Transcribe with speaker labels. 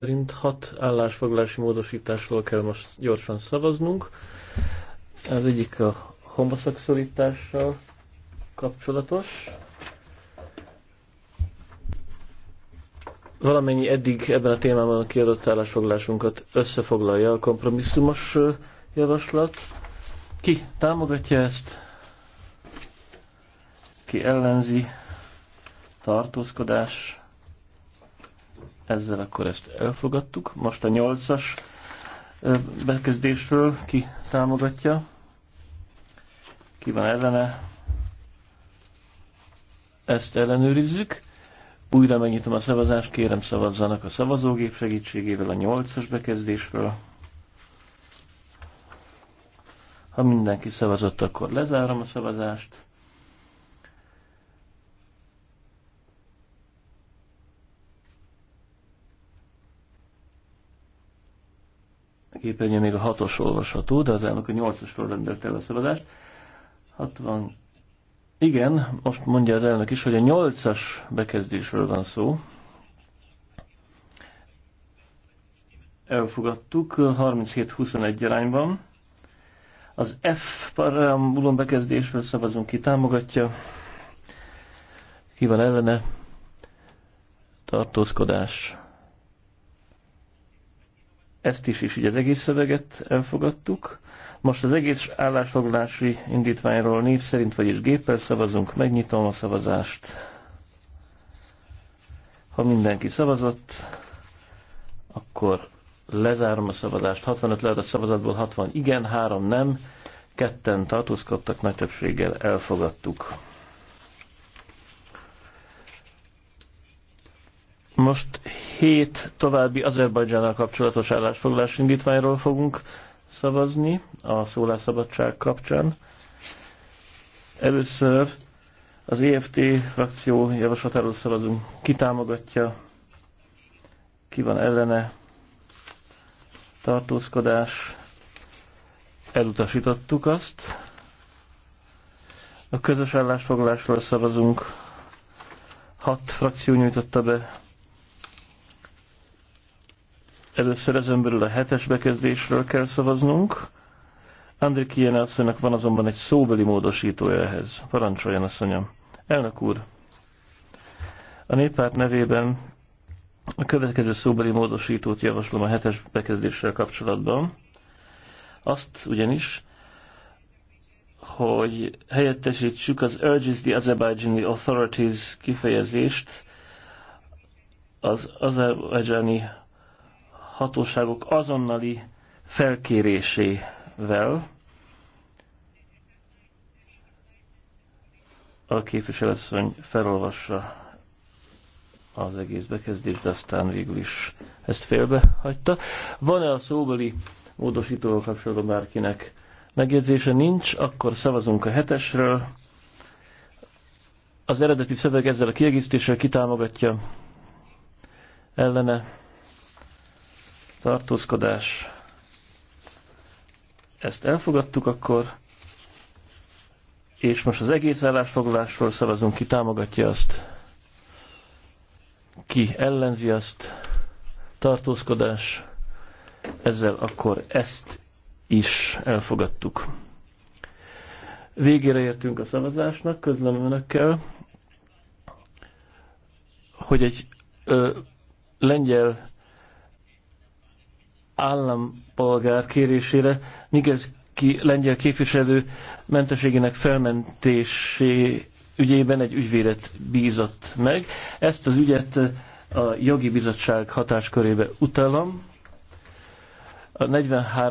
Speaker 1: szerint hat állásfoglalási módosításról kell most gyorsan szavaznunk. Az egyik a homoszexualitással kapcsolatos. Valamennyi eddig ebben a témában a kiadott állásfoglalásunkat összefoglalja a kompromisszumos javaslat. Ki támogatja ezt? Ki ellenzi? Tartózkodás? Ezzel akkor ezt elfogadtuk. Most a nyolcas bekezdésről ki támogatja. Ki van ellene? Ezt ellenőrizzük. Újra megnyitom a szavazást, kérem szavazzanak a szavazógép segítségével a nyolcas bekezdésről. Ha mindenki szavazott, akkor lezárom a szavazást. képernyő még a hatos olvasható, de az elnök a nyolcasról rendelt el a szabadást. 60. Igen, most mondja az elnök is, hogy a nyolcas bekezdésről van szó. Elfogadtuk 37-21 arányban. Az F parambulon bekezdésről szavazunk ki, támogatja. Ki van ellene? Tartózkodás ezt is, is így az egész szöveget elfogadtuk. Most az egész állásfoglalási indítványról név szerint, vagyis géppel szavazunk, megnyitom a szavazást. Ha mindenki szavazott, akkor lezárom a szavazást. 65 a szavazatból 60 igen, 3 nem, ketten tartózkodtak, nagy többséggel elfogadtuk. Most hét további Azerbajdzsánnal kapcsolatos állásfoglalás indítványról fogunk szavazni a szólásszabadság kapcsán. Először az EFT frakció javaslatáról szavazunk. Ki támogatja? Ki van ellene? Tartózkodás. Elutasítottuk azt. A közös állásfoglalásról szavazunk. Hat frakció nyújtotta be Először ezen belül a hetes bekezdésről kell szavaznunk. André Kienelszenek van azonban egy szóbeli módosítója ehhez. Parancsoljon, asszonyom. Elnök úr, a néppárt nevében a következő szóbeli módosítót javaslom a hetes bekezdéssel kapcsolatban. Azt ugyanis, hogy helyettesítsük az urges the Azerbaijani authorities kifejezést az Azerbaijani hatóságok azonnali felkérésével a képviselőasszony felolvassa az egész bekezdést, de aztán végül is ezt hagyta. Van-e a szóbeli módosítóval kapcsolatban bárkinek megjegyzése? Nincs, akkor szavazunk a hetesről. Az eredeti szöveg ezzel a kiegészítéssel kitámogatja ellene tartózkodás. Ezt elfogadtuk akkor, és most az egész állásfoglalásról szavazunk, ki támogatja azt, ki ellenzi azt, tartózkodás. Ezzel akkor ezt is elfogadtuk. Végére értünk a szavazásnak, közlöm önökkel, hogy egy ö, lengyel állampolgár kérésére ki lengyel képviselő menteségének felmentésé ügyében egy ügyvédet bízott meg. Ezt az ügyet a jogi bizottság hatáskörébe utalom. A 43